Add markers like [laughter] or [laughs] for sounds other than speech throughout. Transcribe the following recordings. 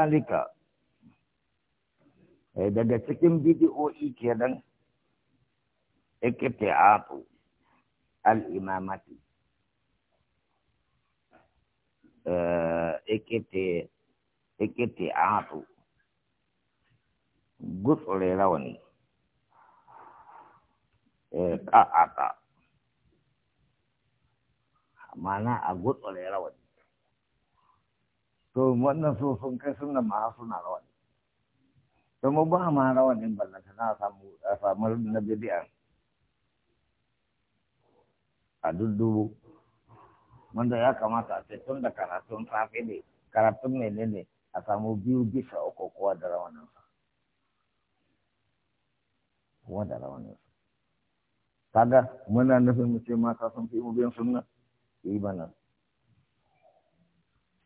zalika eh, daga cikin bidiyoyi kenan iktiatu al-imamati iktiatu eh, gutsure rawani ƙa'ata eh, mana a gutsure rawani to wannan so sun kai sunan ma suna rawani kuma ba ma ne ballanta na samu a samu na bidiyan a duddubu wanda ya kamata a ce tun da karatun safe ne karatun ne a samu biyu bisa uku kowa da rawa ne kowa da rawa ne kaga muna nufin mu ce mata sun fi mu biyan sunna yi eh, nan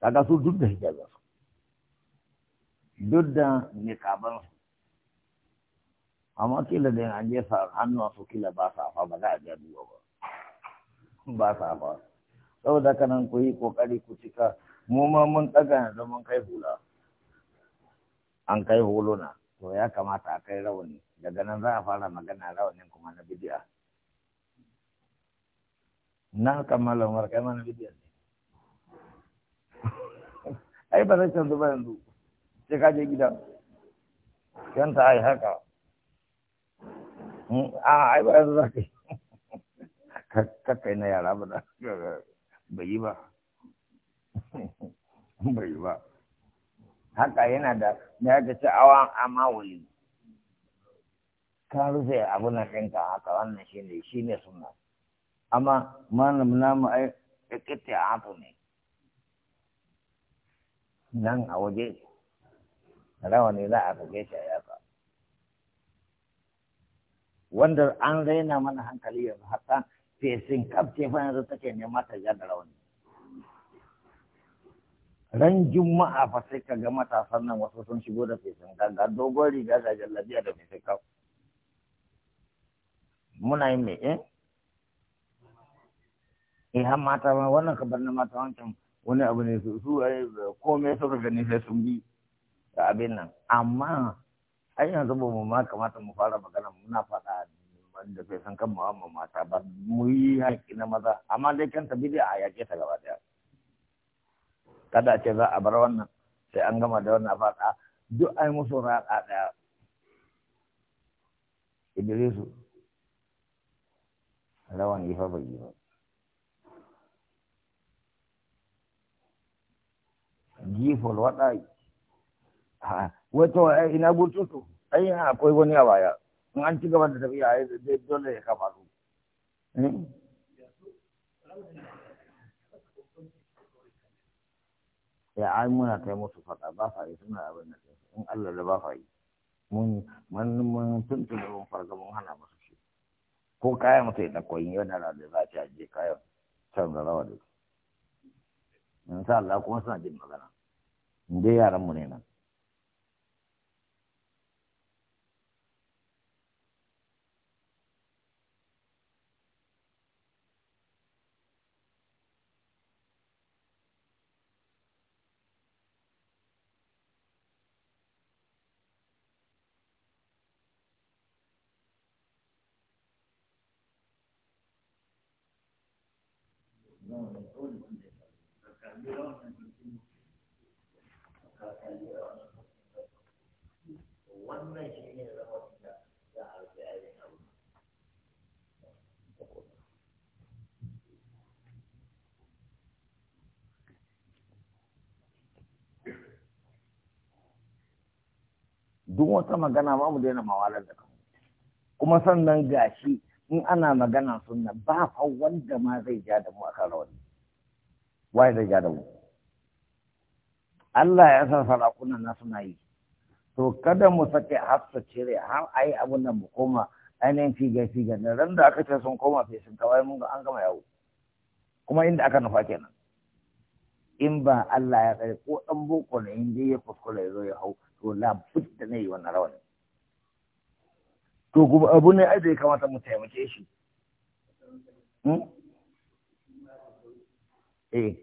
kaga su duk da hijabin su duk da niqaban su amma kila da an je sa hannu su kila ba sa fa ba za a ja duwa ba ba sa fa saboda haka nan ku yi kokari ku cika mu ma mun daga yanzu mun kai hula an kai huluna to ya kamata a kai rawani daga nan za a fara magana rawanin kuma na bidiya na kammala umar kai mana bidiya ai ba zai canzu ba yanzu sai ka je gida yan ta ai haka hmm, a ai ba yanzu za ka yi [laughs] ka kai na yara ba da yi ba [laughs] bai yi ba haka yana da ya ga ci awa amma wuli ka rufe abu na ɗinka haka wannan shi ne shi ne suna amma malam namu ai ƙiƙita a ne nan a waje rawani za a buge shi a yaka wanda an raina mana hankali yanzu hatta fesin kafce fa yanzu take nema ta ja da rawani ran juma'a fa sai ka ga matasan nan wasu sun shigo da fesin ganga dogon riga ga jallabiya da fesin kaf muna yin me eh eh har mata ma wannan kabar na mata wancan wani abu ne su komai suka gani sai sun bi da abin nan amma ai yanzu ba mu ma kamata mu fara magana muna faɗa da sai san kan mu mata ba mu yi haƙƙi na maza amma dai kan ta bidiya a yaƙe ta gaba daya kada ce za a bar wannan sai an gama da wannan faɗa duk ai musu raɗa ɗaya Idrisu rawan yi fa bai yi ba jifol waɗai wato eh, ina bututu ai akwai wani a baya in an ci gaba da tafiya ya zai dole ya kafa su hmm? ya ai muna kai musu fata ba fa yi suna abin da in Allah da ba fa yi mun mun mun da mun farga mun hana musu shi ko kayan mutai da koyin yana da za ta je kayan can da rawa da insha Allah kuma suna jin magana inda yaranmu ne nan No, no, no, no, no, no, no, wannan shi ne zama da za a rufe ainihin abu duk wata magana ba mu daina mawalar da kanmu kuma sannan gashi in ana magana sunna ba fa wanda ma zai ja da mu a kan rawani wai zai ja da mu Allah ya san sarakunan na suna yi to kada mu sake hafsa cire har a yi abun nan mu koma ainihin figa figa na ran da aka ce sun koma sai sun kawai mun ga an gama yawo kuma inda aka nufa kenan in ba Allah ya tsare ko ɗan boko na in dai ya kuskure ya zo ya hau to la na yi wannan rawani to kuma abu ne ai zai kamata mu taimake shi hmm? eh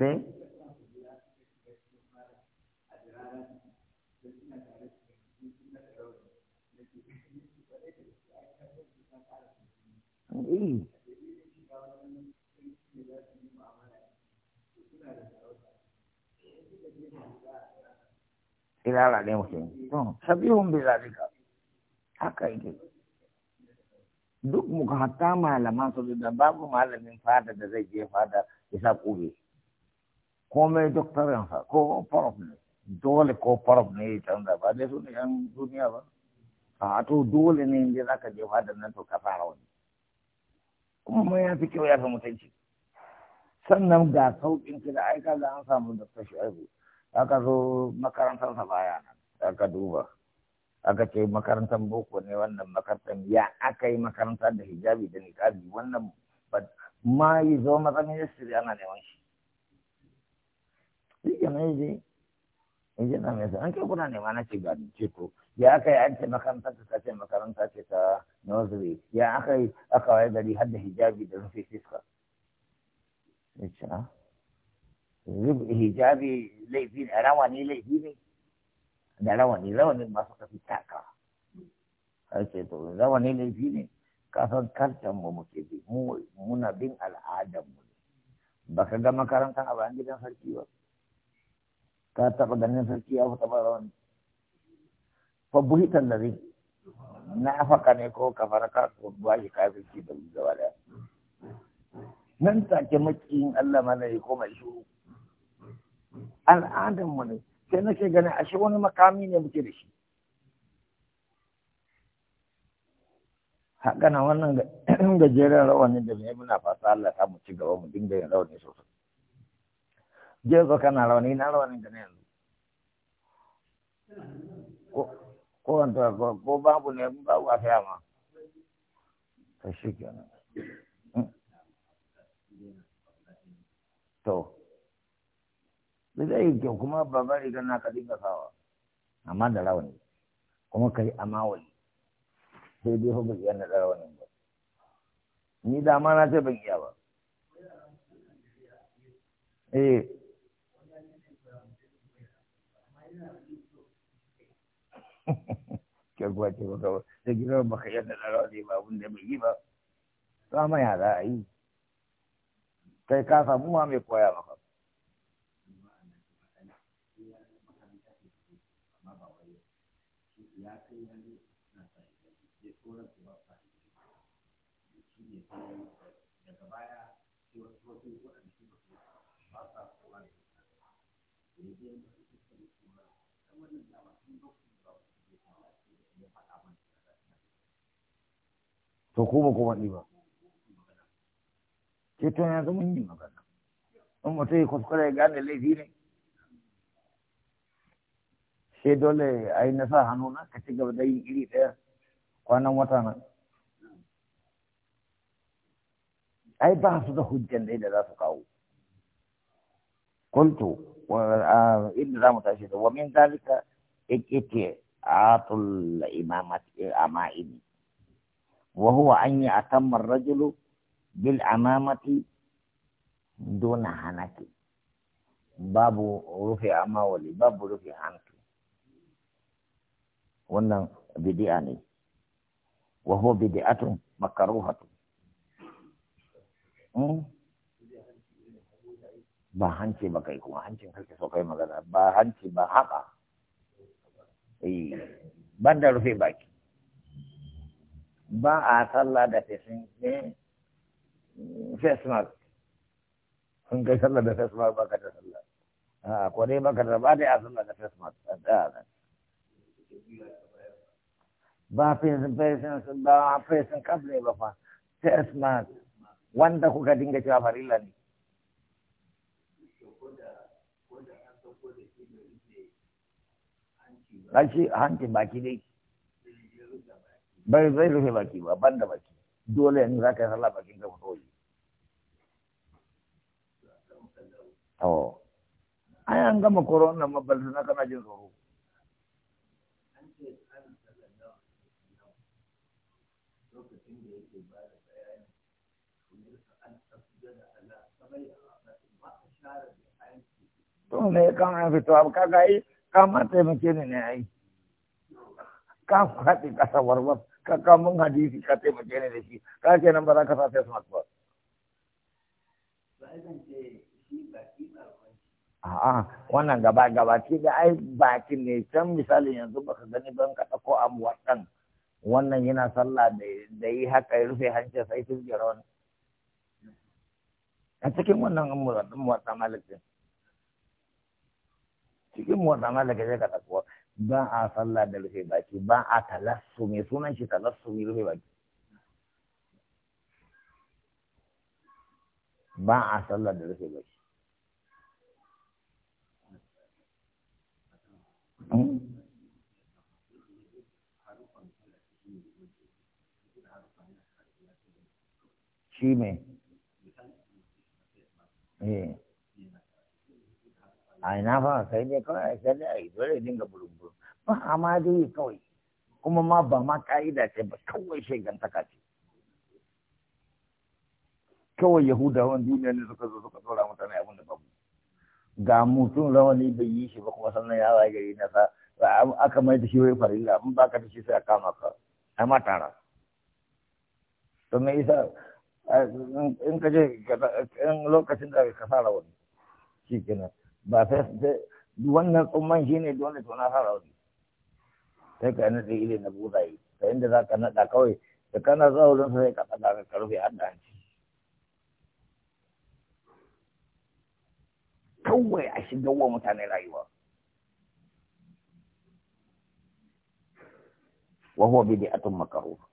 sai ila raɗe mutum don sabihun bi zalika haka yake duk muka hatta malaman su da babu malamin fada da zai je fada ya sa kube komai doktorinsa ko farof ne dole ko farof ne ya canza ba dai su eh, ne yan duniya ba a to dole ne inda za ka je fadar nan to ka fara wani kuma mai ya fi kyau ya fi mutunci sannan ga sauƙin kira da aika da an samu doktor shu'aibu ka zo makarantarsa baya nan ka duba aka ce makarantar boko ne wannan makarantar ya aka yi makarantar da hijabi da niqabi wannan ma yi zo matsayin yasiri ana neman shi shi ke nan je in na mai an kai kuna nema na ce ga ce ya aka yi an ce makaranta ta ce makaranta ce ta nursery ya aka yi aka waye gari har da hijabi da rufe fiska ya ce a ah, hijabi laifi ne rawani laifi ne da rawani rawani masu kafi taka a ce to rawani laifi ne kasan kartan mu muke bi muna bin al'adar mu ne baka ga makarantar a bayan gidan sarki ba ka taɓa ganin sarki ya fita bara wani fa buhi da na afaka ne ko fara ka ko ba shi kafirci da gaba da nan take makiyin Allah mana ya koma shi al'adan mu ne sai nake ganin ashe wani makami ne muke da shi haka na wannan [clears throat] gajeren rawanin da mai muna fata Allah ta mu ci gaba mu dinga yin rawani sosai jego kana rauni na rauni da ne yanzu ko wanda ko babu ne babu a fiya ma to shi kenan mm. to da zai kuma babbar na ka dinga sawa amma da rauni kuma ka yi amawali sai dai fa bai yana da rauni ba ni da ce ban iya ba eh kyarguwa ce ba kawai da gidan baka yadda ba abin da bai yi a yi kai ka samu ma koya maka to ko ba ku ba ce to ya mun yi magana in mutum ya kuskure ya gane laifi ne sai dole a yi nasa hannu na ka ci gaba da yin iri ɗaya kwanan wata nan ai ba su da hujjan dai da za su kawo kuntu inda za mu tashi da wa min zalika ikike atul imamat ama'ini wa anyi an yi rajulu bil amamati dona hanaki babu rufe amawali babu rufe hantu wannan bidi'a ne ba hanci ba kai kuma hancin kake so kai magana ba hanci ba haɓa eh rufe baki ba a sallah da fesin eh, face mask sun kai sallah da face mask baka da sallah a ko dai baka da ba dai a sallah da face mask a tsaya ba fesin fesin ba fesin kaf ne ba fa face mask wanda kuka dinga cewa farilla ne Rashi hanci baki dai bai zai rufe baki ba ban da baki dole ne za ka yi sallah bakin ka fito yi to ai an gama corona ma balzu na kana jin tsoro to ne kan an fito abu kaga ai kama taimake ne ne ai ka faɗi ƙasa warwar ka kamun hadisi ka taimake ni da shi ka ke nan ba za ka sa face mask ba. A'a wannan gaba gaba ce da ai baki ne can misalin yanzu baka gani ban ka ɗauko amuwar ɗan wannan yana sallah da yi haka ya rufe hancin sai sun jira wani. A cikin wannan amuwar ɗan malikin. Cikin muwar ɗan malikin zai ka ɗauko ba a sallah da rufe baki ba a talassu mai sunan shi talassu mai rufe baki ba a sallah da rufe baki shi eh. a ina fa sai kawai sai a yi dole dinga ba a ma dai kawai kuma ma ba ma ka'ida ce ba kawai shegantaka ce kawai yahudawan duniya ne suka zo suka tsora mutane abin da babu ga mutum rawani bai yi shi ba kuma sannan ya waye gari na sa aka mai da shi wai farilla in ka da shi sai a kama ka a ma tara to me yasa in ka je in lokacin da ka sa rawani shi kenan ba sai wannan tsumman shi ne dole to na sa wani. sai ka naɗe irin na buzaye ta inda za ka naɗa kawai da kana zaurin sai ka tsada ka rufe har da hanci kawai a shigar wa mutane rayuwa وهو بدعة مكروهة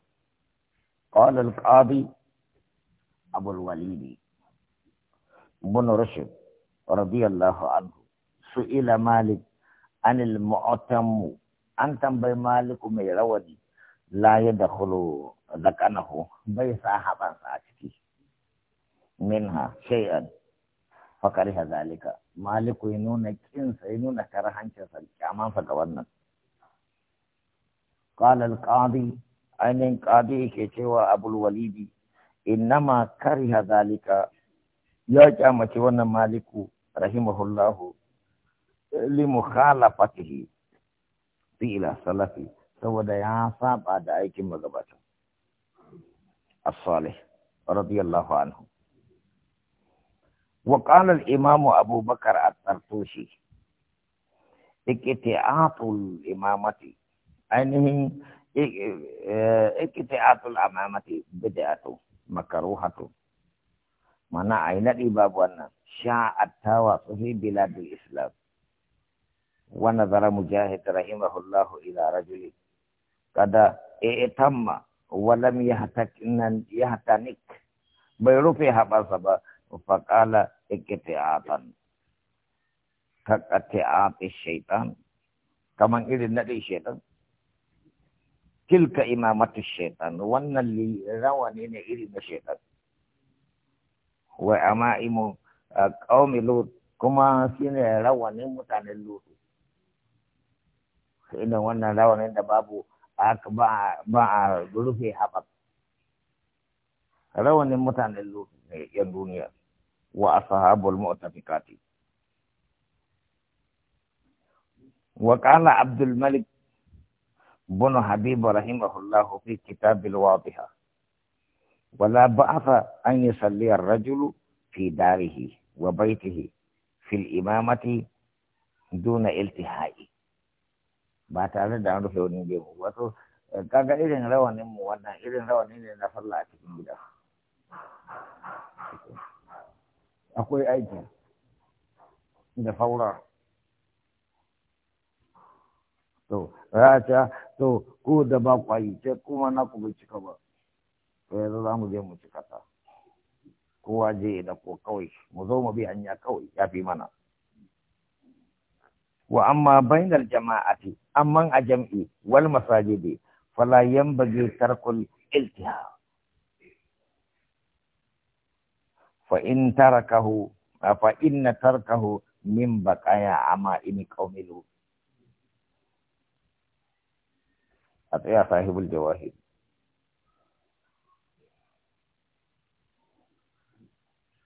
قال القاضي أبو الوليد بن رشد رضي الله عنه سئل مالك عن المعتم an tambayi maliku mai rawani la ya da hulu da kanahu bai sa haɓansa a ciki minha shay'an fakari zalika maliku ya nuna kinsa ya nuna karhancinsa kyamansa ga wannan قال القاضي ainihin ƙadi ke cewa abul walidi innama kariha zalika ya kyamace wannan maliku rahimahullahu li mukhalafatihi دي الى سلفي سو يا صاحب ادعي كم غبطه الصالح رضي الله عنه وقال الامام ابو بكر الطرطوشي اكتئاط الامامه انه اكتئاط الامامه بدأت مكروهه mana أين di babuan syaat tawa بلاد الإسلام ونظر مجاهد رحمه الله إلى رجل قد ائتم ولم يهتنك بيروفي بصبا فقال اكتعاطا كاكتعاط الشيطان كما إذن النبي الشيطان تلك إمامة الشيطان وأن اللي رواني نعيد الشيطان وأمائم قوم لوط كما سين رواني متعن اللوط irin wannan rawanin da babu ba a rufe haɓar rawanin mutanen ne yan duniya wa ashabul mu'tafiqati wa qala abdul malik bin habib rahimahullah fi kitab al wadiha ولا بعث أن يصلي الرجل في داره وبيته في الإمامة دون التهائه ba tare da an rufe wani gemu wato kaga irin rawanin mu wannan irin rawani ne na falla a cikin gida akwai aiki da faura to rata to ko da ba kwayi ce, kuma na ku bai cika ba to yanzu za mu je mu cika ta kowa je da ko kawai mu zo mu bi hanya kawai ya fi mana wa amma bainal jama'ati amman a jam'i wal masajidi fala yanbaghi tarkul iltihab fa in tarakahu fa inna tarkahu min baqaya ama ini qaumilu atau ya sahibul jawahir